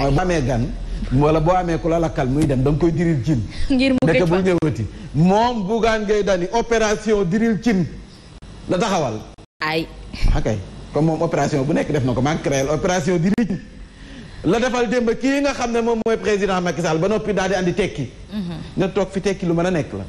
mooy boo amee gan wala boo amee ku la lakkal muy dem da koy diril cin ngir mu nekk bu ñëwati moom Bougane Gueye Dany opération diril cin la taxawal ay akay comme bu nekk def na ko maa opération diril la defal démb kii nga xam ne moom mooy président Macky Sall ba noppi daal di andi tekki mhm. nga toog fi tekki lu mën a nekk la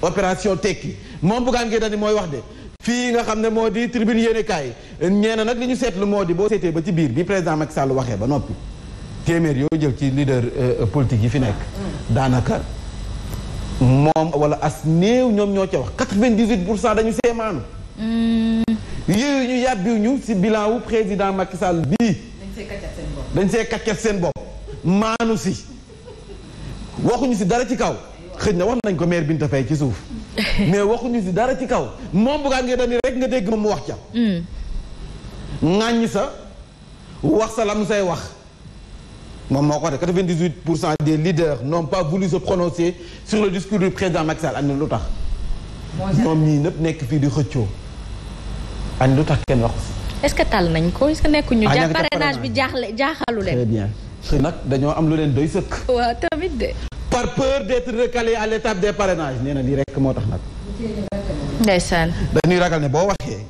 opération tekki moom Bougane Gueye Dany mooy wax de fii nga xam ne moo di tribune yéene kaay ñee na nag li ñu seet seetlu moo di boo seetee ba ci biir bi président Macky Sall waxee ba noppi téeméer yoo jël ci leader euh, politique yi fi nekk. daanaka moom wala as néew ñoom ñoo ca wax quatre-vingt-dix-huit pour cent dañu seemaanu. yooyu ñu ñu si bilan wu président Macky Sall bii. dañ see kàcceet seen bopp maanu si waxuñu si dara ci kaw xëj na wax nañ ko maire Binta Faye ci suuf mais waxuñu si dara ci kaw moom bugaat nga dani rek nga dégg ma mu wax ca mm. ŋàññ sa wax sa la mu say wax moom moo ko def 98 pour cent des leaders n'ont pas voulu se prononcer sur le discours du président Macky Sall am na lu tax. ñoom ñii ñëpp nekk fii di xëccoo. am lu tax kenn wax est-ce que tal nañ ko est-ce que nekkuñu. ah bi jaaxle jaaxalu leen. très bien xëy nag dañoo am lu leen doy sëkk. waaw tamit de. par peur d'être recalé à l'étape des parrainages nee na lii rek moo tax nag. ndeysaan. dañuy ragal ne boo waxee.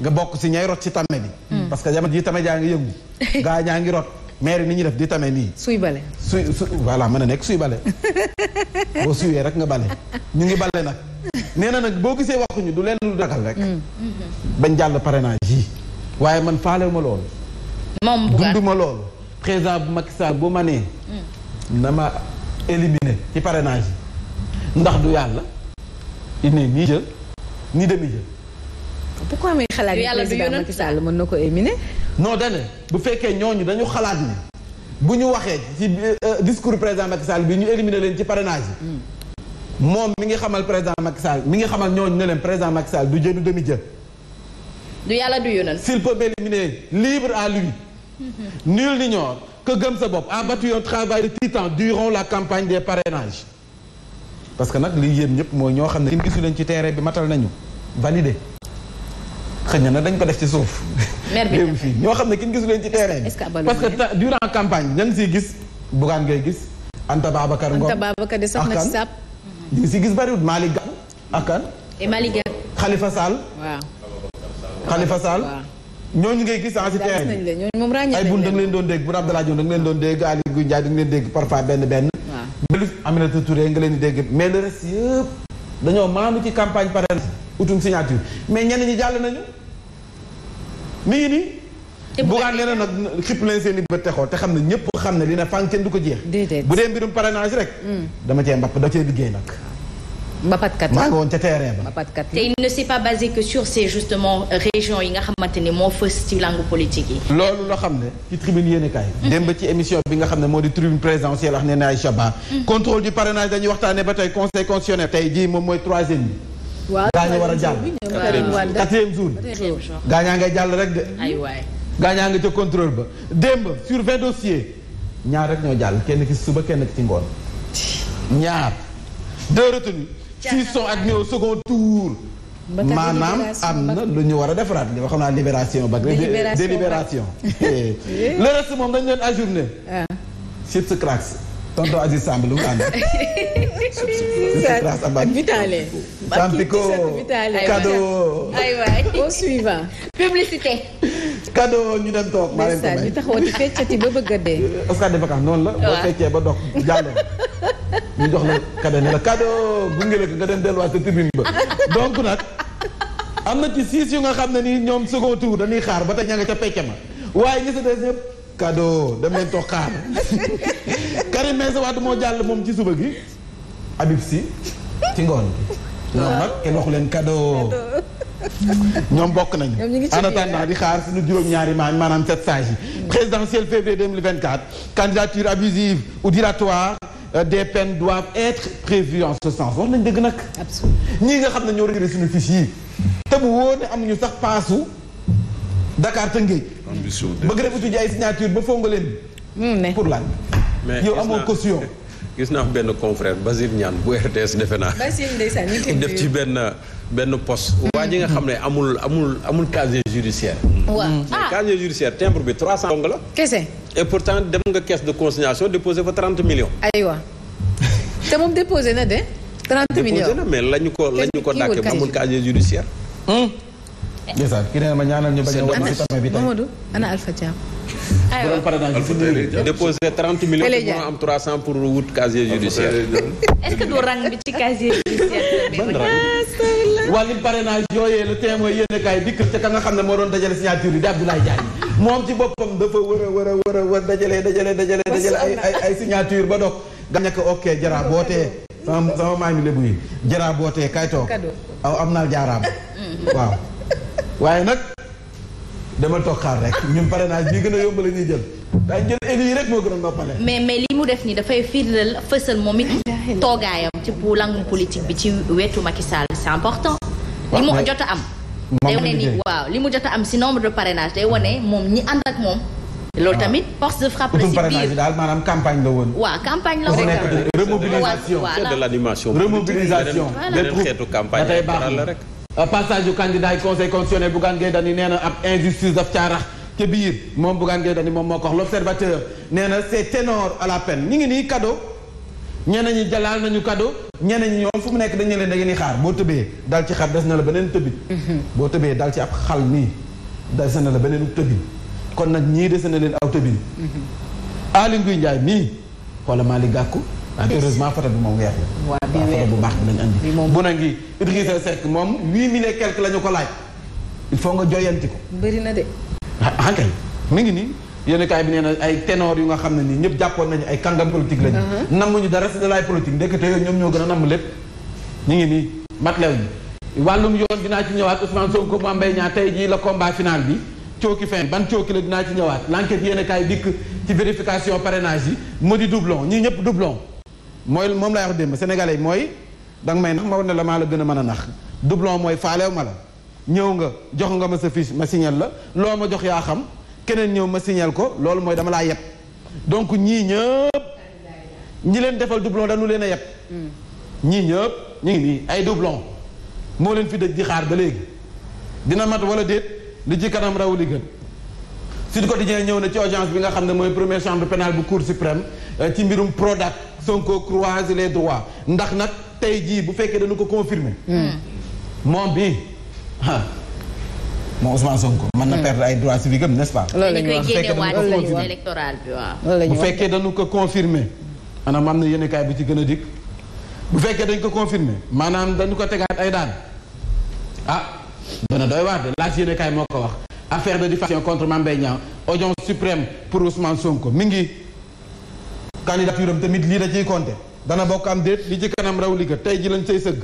nga bokk si ñay rot si tàmme bi. Hmm. parce que jamono jii tàmme jaa maire yi ni ñuy def di tame nii. suy bale suy su voilà mën a nekk suy bale boo suyee rek nga bale ñu ngi bale nag nee na nag boo gisee waxuñu du leen du dagal rek. Mm. bañ jàll parrainage yi waaye man faalew ma lool. moom dundu ma président bu Macky Sall bu ma nee. Mm. na ma éliminé ci parrainage yi ndax du yàlla il n'est ni jël ni demi jël. pourquoi muy xalaat président Macky Sall mën na ko éliminer. non dane bu fekkee ñooñu dañu xalaat yi bu ñu waxee ci euh, euh, discours président Macky Sall bi ñu éliminer leen ci parrainage yi mm. moom mi ngi xamal président Macky Sall mi ngi xamal ñooñu ne leen président Macky Sall du jën du demi jën du yàlla du yónnal s'il peut m'éliminer libre à lui mm-hmm. nul n'ignore que Gëm Sa Bopp a battu un travail de titan durant la campagne des parrainages parce que nag lii yéen ñëpp mooy ñoo xam ne gisu leen ci terrain bi matal nañu validé xëy na dañ ko def ci suuf. maire fii ñoo xam ne kin gisu leen ci terrain bi. parce que durant campagne ña ngi siy gis. Bougane ngay gis. Anta Babacar Ngom Anta Babacar si gis bariwul Malick Gakou ak kan. et Malick Gakou. Khalifa Sall. waaw. Khalifa Sall. ñooñu ngay gis ah si terrain bi ñooñu moom ràññee ay bun da leen doon dégg bu Abdoulaye Diop da nga leen doon dégg Aly Ngouille Ndiaye da nga leen dégg parfois benn benn. waaw Aminata Touré nga leen di dégg mais le reste yëpp dañoo maanu ci campagne parrainage utum signature mais ñenn ñi jàll nañu mi nii. bugaan nee na nag xipp leen seen i bët texoo te xam ne ñëpp xam ne li na fànn kenn du ko jeex. bu dee mbirum parrainage rek. Hmm. dama cee mbapp da cee liggéey nag. mbapatkat maa yi nga xamante ni ci langue politique yi. loolu loo xam ne ci tribune yéen hmm. démb ci émission bi nga xam ne moo di tribune présidentielle wax ne na ay Chaba. Hmm. contrôle du parrainage dañuy waxtaanee ba tey conseil constitutionnel. tey jii moom mooy troisième bi. gaa ña war a jàll. quatrième jour quatrième jour. gaa ngay jàll rek de. aywaay gaa ñaa nga ca contrôle ba. démb sur vingt dossiers ñaar rek ñoo jàll kenn ki suba kenn ki ci ngoon. ñaar. deux retenues. six sont admis au second maanaam am na lu ñu war a defaraat li nga xam naa ba. délibération délibération. le moom dañu leen ajourné. sur ah. tonton Aziz Samb lu mu ànd. vitale. tampico cadeau. aywa cadeau ñu dem toog maa leen ko may. ñu taxaw di ba bëgg a dee. Oscar de vacances noonu la. boo feccee ba dox jàll. ñu jox la cadeau ne la cadeau gunge la nga dem delluwaat sa tribune ba donc nag. am na ci siis yu nga xam ne ni ñoom second tour dañuy xaar ba tey ña nga ca pecc ma waaye ñi sa des ñëpp. cadeau dem leen toog xaar Karim Meïssa Wade moo jàll moom ci suba gi Habib si ci ngoon gi ñoom nag kenn waxu leen cadeau ñoom bokk nañu en attendant di xaar suñu juróom-ñaari maañ maanaam sept sages yi mm. présidentielle février 2024 candidature abusive ou dilatoire euh, des peines doivent être prévues en ce sens wax nañ dëgg nag ñii nga xam ne ñoo retiré suñu fiche te bu wóor ne amuñu sax paasu Dakar Tëngéej. ambition de bëgg rek uti signature ba foo nga leen. Hmm, pour lan. mais yow amoo caution. gis naa benn confrère Basir Niane bu RTS defe naa. Basir ndeysaan ñu def ci benn benn poste. waa ji nga xam ne amul amul amul casier judiciaire. waaw hmm. ah casier judiciaire timbre bi 300 dong la. kese. et pourtant dem nga caisse de consignation déposé fa 30 millions. aywa te moom déposé na de. 30 millions mais lañu ko lañu ko dàkkee amul casier judiciaire. Hmm. ndeysaan ki nee ma ñaanal ñu bañ a wàññi si tamit bi tey Mamadou ana Alpha Thiam aywa déposé 30 millions pour am 300 pour wut casier judiciaire. est-ce que du rang bi a kaay dikk ca ka nga xam ne moo doon dajale signature yi di Abdoulaye Diagne moom ci boppam dafa wër a wër a wër a wër dajale dajale dajale dajale ay ay signature ba dog ga ñàkk ok jara bootee sama sama maa ngi lébu yi jara bootee kay toog aw am naa jaaraam mm-hmm. waaw waaye nag dama toog xaar rek ñun parrainage bi gën a yomb la ñuy jël daañu jël élus yi rek moo gën a noppale. mais mais li mu def nii dafay firndeel fësal moom it toogaayam ci bu langue politique bi ci wetu Macky Sall c'est important. li mu jot am. day wane li mu jot am si nombre de parrainage day wane moom ñi ànd ak moom. loolu tamit force de frappe la si biir bi daal maanaam campagne la woon. waaw campagne la woon remobilisation. de l'animation remobilisation. campagne la rek. Euh, passage yu candidat yi conseil constitutionnel Bougane Gueye Dany nee na ab injustice daf caa rax ca biir moom Bougane Gueye Dany moom moo ko wax l' observateur nee na c' est ténor à la peine ñu ngi nii cadeau ñeneen ñi jalaal nañu cadeau ñeneen ñi ñoom fu mu nekk dañu leen da ngeen di xaar boo tëbee dal ci xar des na la beneen tëbin mhm. boo tëbee daal ci ab xal nii des na la beneen tëbin kon nag ñii des na leen aw tëbin mhm. Aly Ngouille Ndiaye mii wala Malick Gakou ah heureusement photo bi moom weer la. waaw ah, bi bu baax bi lañ andi. na ngi Idrissa Seck moom huit mille et quelque la ko laaj. il faut nga joyanti ko. bëri na de. ah, ah kay ngi nii yéen kaay bi nee na ay tenoor yu nga xam ne nii ñëpp jàppoon nañu ay kàngam politique lañu. Uh-huh. nammuñu dara si dalaay politique ndekete ñoo gën a namm lépp. ñu ngi nii matlew yi wàllum yoon dinaa ci ñëwaat Ousmane Sonko Mame Mbaye Niang tey jii la combat final bi. cooki fin ban cooki la dinaa ci ñëwaat l'enquête yéen kaay dikk ci vérification parrainage yi moo di doublon ñii ñëpp doublon mooy moom laay wax démb sénégalais mooy danga may nax ma wan ne la maa la gën a mën a nax dublon mooy faalew ma la ñëw nga jox nga ma sa fiche ma la loo ma jox yaa xam keneen ñëw ma signal ko loolu mooy dama laa yeb donc ñii ñëpp ñi leen defal doublon dañu leen a yeb ñii ñëpp ñu ngi nii ay doublon moo leen fi dëj di xaar ba léegi dina mat wala déet li ci nam raw li gën Sud Quotidien ñëw na ci audience bi nga xam ne mooy première chambre pénale bu cour suprême euh, ci mbirum Prodac Sonko croise les droits ndax nag tey jii bu fekkee dañu ko confirmer hmm. moom bi ah moom Ousmane Sonko. mën na hmm. perdre ay droits civiques am n'est-ce pas. loolu la ñu bu fekkee dañu ko confirmer maanaam am na yeneen bi ci gën a dikk bu fekkee dañ ko confirmer maanaam dañu ko tegaat ay daan ah dana doy waar de laaj yeneen moo ko wax. affaire de diffamation contre Mame Mbaye Niang audience suprême pour Ousmane ko mi ngi candidature tamit lii da ciy compter dana bokk am déet li ci kanam raw li tey ji lañ say sëgg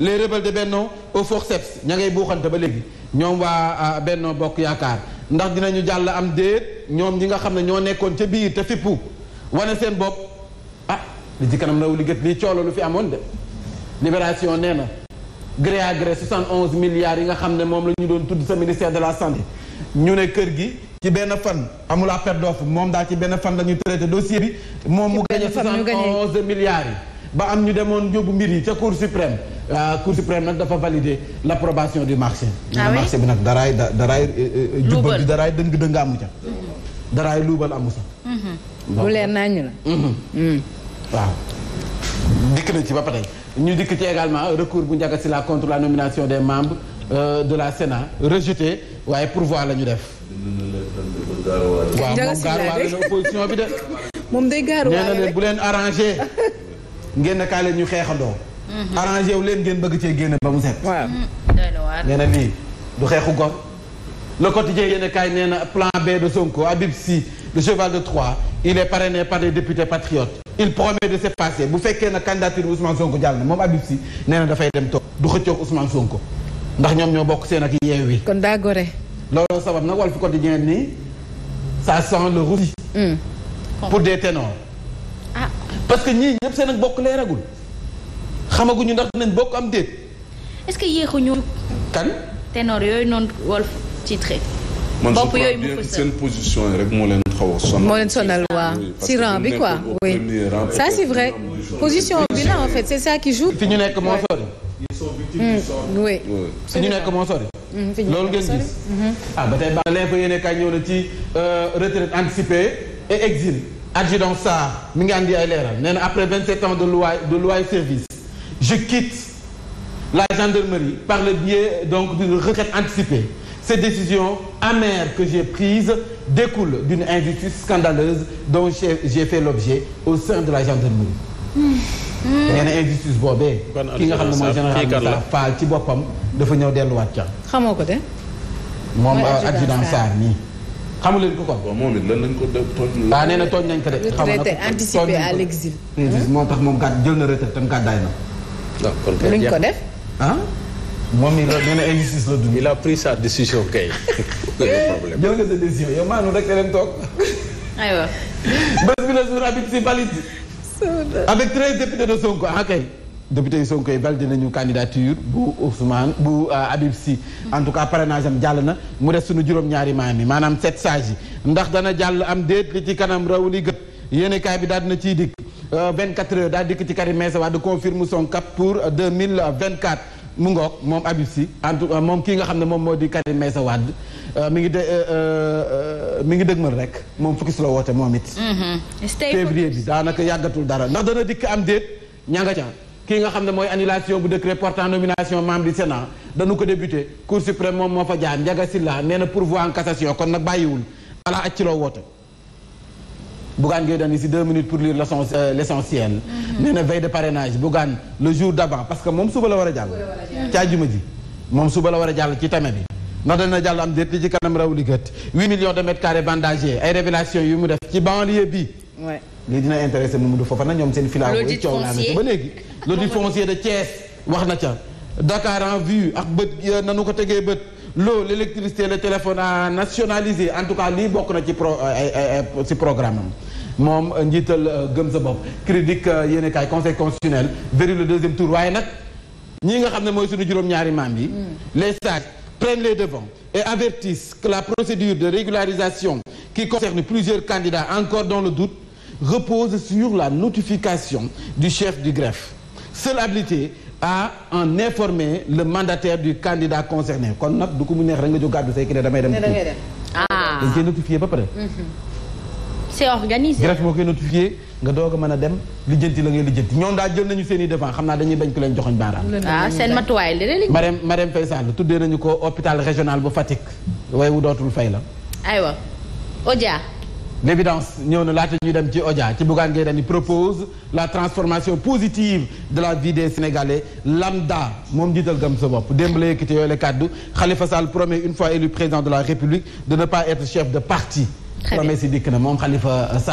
les rebelles de Benno au forceps ña ngay buuxante ba léegi ñoom waa euh, Benno Bokk Yaakaar ndax ñu jàll am déet ñoom ñi nga xam ne ñoo nekkoon ca biir te fippu wane seen bopp ah li ci kanam raw li gët lii coolo lu fi amoon de libération nee na gré à gré 71 milliards yi nga xam ne la ñu doon tudd sa ministère de la santé ñu ne kër gi ci benn fan amul appel d'offre moom daal ci benn fan la ñu traité dossier bi moom mu gagné soixante yi ba am ñu demoon yóbbu mbir yi ca cour suprême euh, cour suprême nag dafa valider l' approbation du marché ah marché bi nag da daraay euh, euh, jubal di daraay dëng dëng amu ca mm-hmm. daraay luubal amu sa bu mm-hmm. leer nañu la mm-hmm. mm. waaw dikk na ci ba pare ñu dikk ci également recours bu Ndiaga la contre la nomination des membres de la Sénat rejeté waaye pourvoi la ñu def. waaw moom gaaruwaale la opposition bi de. moom day gaaruwaale nee na leen bu leen arrangé. ngeen ne kaa leen ñu xeexandoo. Mhm. arrangé wu leen ngeen bëgg cee génn ba mu set. waaw mhm. nee na lii du xeexu gor. le quotidien yéen kaay nee na plan B de Sonko Habib Sy le cheval de Troie il est parrainé par des députés patriotes. il promet de se passer bu fekkee na candidature Ousmane Sonko jàll na moom Habib Sy nee dafay dem toog du xëccoog Ousmane Sonko. ndax ñoom ñoo bokk seen ak Yewwi. kon daa gore. looloo sabab nag Walf Quotidien nii ça sent le roussi. Hmm. pour des ténors. ah parce que ñii ñëpp seen ak bokk leeragul. xamaguñu ndax dinañ bokk am déet. est-ce que yéexuñu. kan ténor yooyu noonu Walf titré. bopp yooyu mu fës seen position yi rek moo leen xaw a sonal. moo leen sonal waaw si rang bi quoi oui ça c'est vrai position bi la en fait c'est ça qui joue. fi ñu nekk moo sori. Mm, oui. fi ñu nekk moo sori. loolu ngeen gis. Mm-hmm. Ah, ba tey ba léegi ci euh, retraite anticipée et exil. adjudant mi ngi andi ay leeral nee na après 27 ans de loi de loi et service je quitte la gendarmerie par le biais donc d'une retraite anticipée. Cette décision amère que j'ai prise découle d'une injustice scandaleuse dont j'ai fait l'objet au sein de la gendarmerie. Mmh. Hmm. nee na injustice boobee. ki nga xam ne mooy général Moussa Fall ci boppam dafa ñëw delluwaat ca. xamoo ko de. moom adjudant Sarr nii. xamu leen ko kon. waaw moom it lan ko tooñ. ah nee na tooñ nañ ko de. na ko retraité anticipé à moom gàdd jël na retraite tam gàddaay na. waaw ah, kon kay luñ ah? moom it la nee na la dund. a pris sa décision kay. problème jël nga sa décision yow maanu rek da leen toog. aywa. bés bi avec treize députés de Sonko ah kay député yu Sonko yi validé nañu candidature bu Ousmane bu euh, Habib Sy en tout cas parrainage am jàll na mu des suñu juróom-ñaari maam yi maanaam set sages yi ndax dana jàll am déet li ci kanam raw li gët yéenekaay bi daal dina ciy dikk 24 euh, heures daal dikk ci Karim Meïssa Wade confirme son cap pour 2024 mu ngoog moom Habib Sy en tout cas moom kii nga xam ne moom moo di Karim Meïssa Wade Euh, mi ngi de euh, euh, mi ngi dëgmal rek moom fukki si la woote moom it. Mm-hmm. février bi daanaka yàggatul dara ndax dana dikk am déet ña nga ca kii nga xam ne mooy annulation bu décret portant nomination membre du Sénat dañu ko débuté Cour suprême moom moo fa jaar Ndiaga Sylla nee na pourvoi en cassation kon nag bàyyiwul balaa ak ci loo woote. Bougane Gueye Dany si deux minutes pour lire l'essentiel. Mm-hmm. nee na veille de parrainage Bougane le jour d'avant parce que moom suba la war a jàll. caajuma ji moom suba la war a jàll ci tame bi. ndax dana jàll am déet li ci kanam raw li gët huit millions de mètres carrés bandagés ay révélation yu mu def ci banlieue bi lii dina intéressé Mamadou Fofana ñoom seen filao yi coow naa ci ba léegi de Thiès wax na ca Dakar en vue ak bët nanu ko tegee bët l'eau l'électricité le téléphone à nationalisé en tout cas lii bokk na ci pro euh, euh, euh, ci programme am moom njiital gëm sa bopp critique yéen kaay conseil constitutionnel vers le deuxième tour waaye nag ñi nga xam ne mooy suñu juróom-ñaari maam yi hmm. les sages prennent les devants et avertissent que la procédure de régularisation qui concerne plusieurs candidats encore dans le doute repose sur la notification du chef du greffe. Seule habilité à en informer le mandataire du candidat concerné kon nag du ko mu neex rek nga jóg gàddu damay dem. ne ah. c'est organisé greffe moo koy notifié nga doog mën a dem lijjanti la ngay lijjanti ñoom daal jël nañu seen i xam naa dañuy bañ ku leen joxoñ baaraam. ah seen matuwaay leneen Marème Marème Faye Sall tuddee nañu ko hôpital régional bu Fatick. waaye wu dootul fay la. aywa Odia. l'évidence ñëw na laata ñu dem ci Odia ci Bougane Gueye Dany propose la transformation positive de la vie des Sénégalais lambda moom jiital gëm sa bopp démb la yëkkati yooyu la kàddu Khalifa Sall promet une fois élu président de la de ne pas promesse yi dikk na moom Khalifa Sall